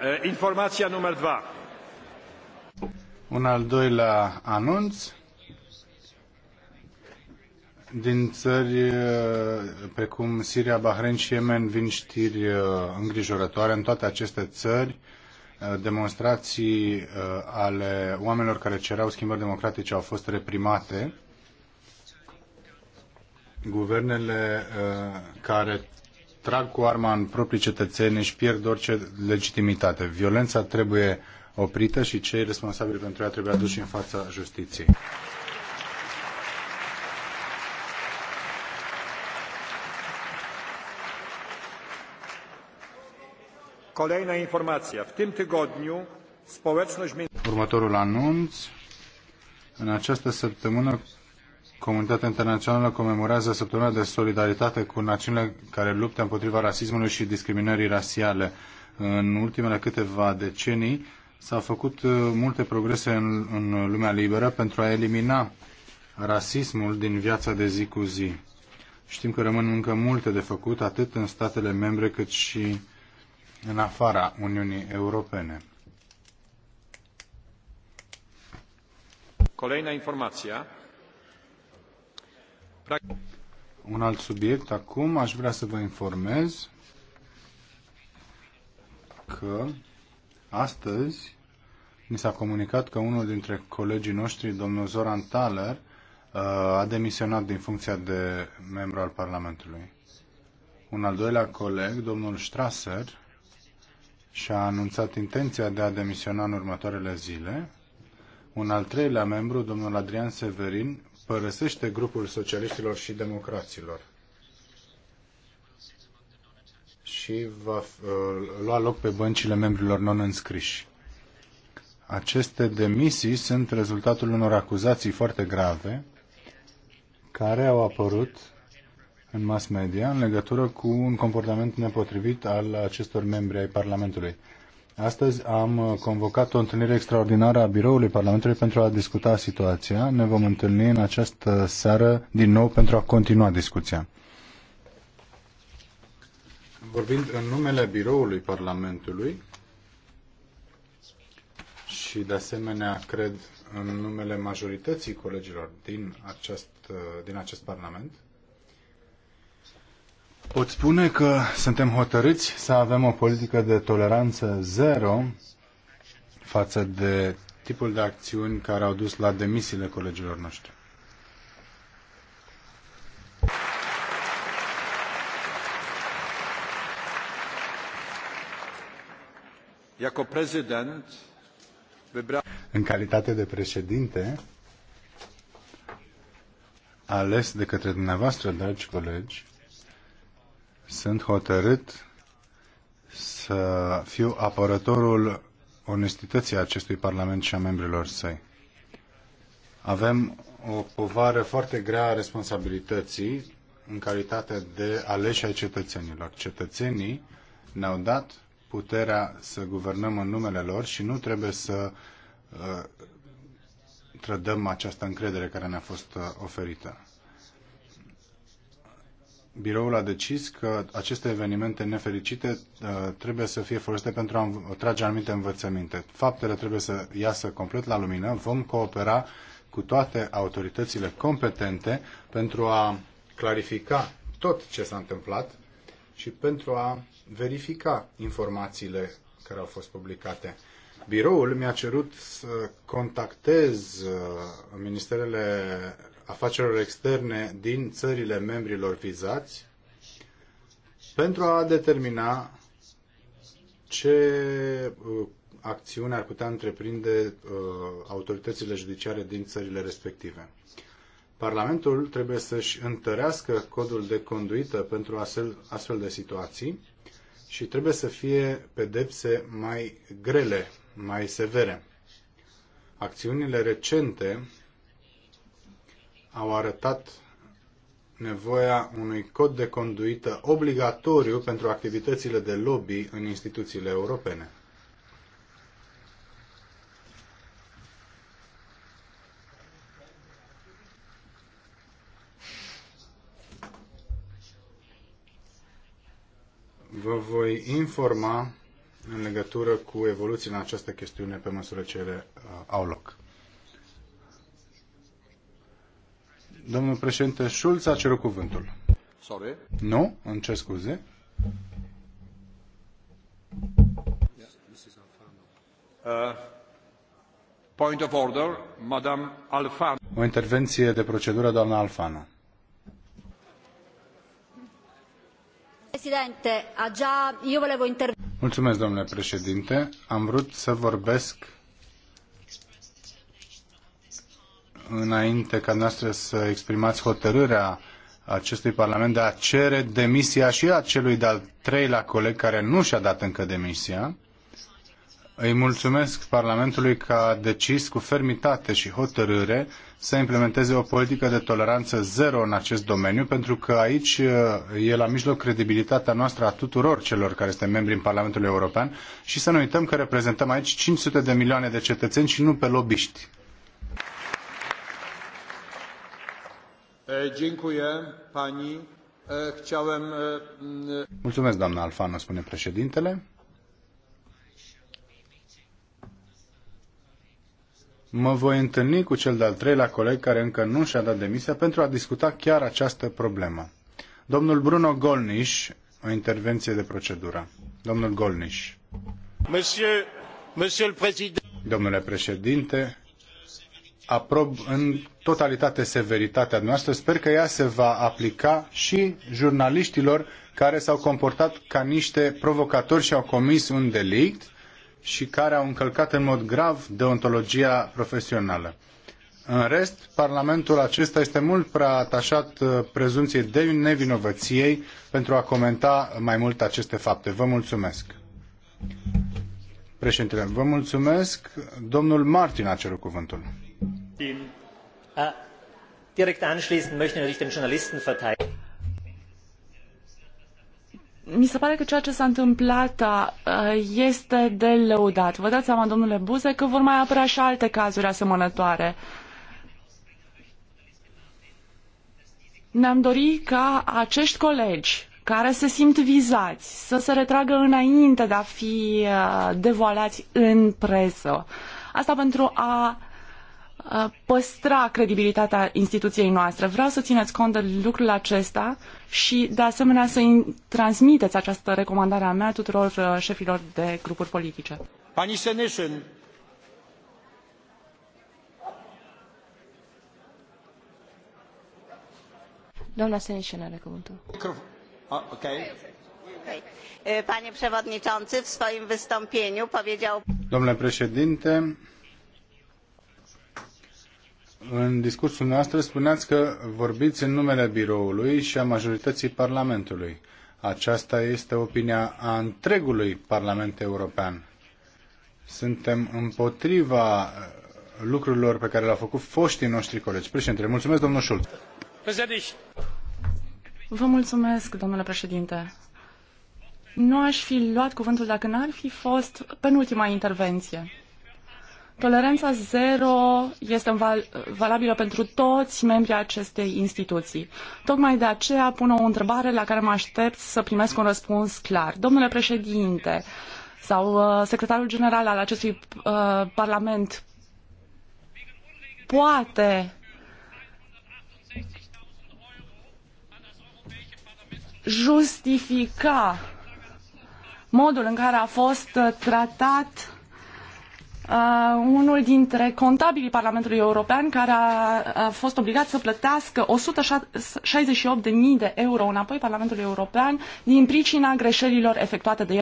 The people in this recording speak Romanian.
Eh, informația număr 2. Un al doilea anunț din țări eh, precum Siria, Bahrain și Yemen vin știri eh, îngrijorătoare. În toate aceste țări, demonstrații ale oamenilor care cereau schimbări democratice au fost reprimate. Guvernele care trag cu arma în proprii cetățeni își pierd orice legitimitate. Violența trebuie oprită și cei responsabili pentru ea trebuie aduși în fața justiției. Kolejna informacja. W tym tygodniu społeczność... Următorul anunț. În această săptămână Comunitatea internațională comemorează săptămâna de solidaritate cu națiunile care luptă împotriva rasismului și discriminării rasiale. În ultimele câteva decenii s-au făcut uh, multe progrese în, în lumea liberă pentru a elimina rasismul din viața de zi cu zi. Știm că rămân încă multe de făcut, atât în statele membre cât și în afara Uniunii Europene. Kolejna informația un alt subiect acum, aș vrea să vă informez că astăzi mi s-a comunicat că unul dintre colegii noștri, domnul Zoran Thaler, uh, a demisionat din funcția de membru al Parlamentului. Un al doilea coleg, domnul Strasser, și-a anunțat intenția de a demisiona în următoarele zile. Un al treilea membru, domnul Adrian Severin, părăsește grupul socialiștilor și democraților și va uh, lua loc pe băncile membrilor non-înscriși. Aceste demisii sunt rezultatul unor acuzații foarte grave care au apărut în mass media în legătură cu un comportament nepotrivit al acestor membri ai Parlamentului. Astăzi am uh, convocat o întâlnire extraordinară a biroului Parlamentului pentru a discuta situația. Ne vom întâlni în această seară din nou pentru a continua discuția. Vorbind în numele biroului Parlamentului și de asemenea cred în numele majorității colegilor din acest, uh, din acest Parlament, Pot spune că suntem hotărâți să avem o politică de toleranță zero față de tipul de acțiuni care au dus la demisiile colegilor noștri. În calitate de președinte, ales de către dumneavoastră, dragi colegi, sunt hotărât să fiu apărătorul onestității acestui Parlament și a membrilor săi. Avem o povară foarte grea a responsabilității în calitate de aleși ai cetățenilor. Cetățenii ne-au dat puterea să guvernăm în numele lor și nu trebuie să uh, trădăm această încredere care ne-a fost uh, oferită biroul a decis că aceste evenimente nefericite uh, trebuie să fie folosite pentru a trage anumite învățăminte. Faptele trebuie să iasă complet la lumină. Vom coopera cu toate autoritățile competente pentru a clarifica tot ce s-a întâmplat și pentru a verifica informațiile care au fost publicate. Biroul mi-a cerut să contactez uh, ministerele afacerilor externe din țările membrilor vizați pentru a determina ce uh, acțiune ar putea întreprinde uh, autoritățile judiciare din țările respective. Parlamentul trebuie să-și întărească codul de conduită pentru astfel de situații și trebuie să fie pedepse mai grele, mai severe. Acțiunile recente au arătat nevoia unui cod de conduită obligatoriu pentru activitățile de lobby în instituțiile europene. Vă voi informa în legătură cu evoluția în această chestiune pe măsură ce ele uh, au loc. Domnul președinte Schulz a cerut cuvântul. Sorry. Nu? Îmi cer scuze. Uh, point of order, Madame Alfano. O intervenție de procedură, doamna Alfano. Presidente, a già... Io volevo intervenire. Mulțumesc, domnule președinte. Am vrut să vorbesc înainte ca noastră să exprimați hotărârea acestui Parlament de a cere demisia și a celui de-al treilea coleg care nu și-a dat încă demisia. Îi mulțumesc Parlamentului că a decis cu fermitate și hotărâre să implementeze o politică de toleranță zero în acest domeniu, pentru că aici uh, e la mijloc credibilitatea noastră a tuturor celor care suntem membri în Parlamentul European și să nu uităm că reprezentăm aici 500 de milioane de cetățeni și nu pe lobiști. Dziękuję pani. Chciałem... Mulțumesc, doamna Alfana, spune președintele. Mă voi întâlni cu cel de-al treilea coleg care încă nu și-a dat demisia pentru a discuta chiar această problemă. Domnul Bruno Golniș, o intervenție de procedură. Domnul Golniș. Monsieur, monsieur Domnule președinte, aprob în totalitate severitatea noastră. Sper că ea se va aplica și jurnaliștilor care s-au comportat ca niște provocatori și au comis un delict și care au încălcat în mod grav deontologia profesională. În rest, Parlamentul acesta este mult prea atașat uh, prezumției de nevinovăției pentru a comenta mai mult aceste fapte. Vă mulțumesc. Președinte, vă mulțumesc. Domnul Martin a cerut cuvântul. Äh, direkt anschließend möchte ich natürlich den Journalisten verteidigen. Mi se pare că ceea ce s-a întâmplat este de lăudat. Vă dați seama, domnule Buze, că vor mai apărea și alte cazuri asemănătoare. Ne-am dorit ca acești colegi care se simt vizați să se retragă înainte de a fi devoalați în presă. Asta pentru a Uh, păstra credibilitatea instituției noastre. Vreau să țineți cont de lucrul acesta și, de asemenea, să transmiteți această recomandare a mea tuturor uh, șefilor de grupuri politice. Pani Seneșin. Doamna Seneșin are cuvântul. Ok. Panie Przewodniczący, w swoim wystąpieniu powiedział... Domnule președinte, în discursul noastră spuneați că vorbiți în numele biroului și a majorității Parlamentului. Aceasta este opinia a întregului Parlament European. Suntem împotriva lucrurilor pe care le-au făcut foștii noștri colegi. Președinte, mulțumesc, domnul Schulz. Vă mulțumesc, domnule președinte. Nu aș fi luat cuvântul dacă n-ar fi fost penultima intervenție. Toleranța zero este val valabilă pentru toți membrii acestei instituții. Tocmai de aceea pun o întrebare la care mă aștept să primesc un răspuns clar. Domnule președinte sau uh, secretarul general al acestui uh, parlament poate justifica modul în care a fost tratat uh, unul dintre contabilii Parlamentului European care a, a fost obligat să plătească 168.000 de euro înapoi Parlamentului European din pricina greșelilor efectuate de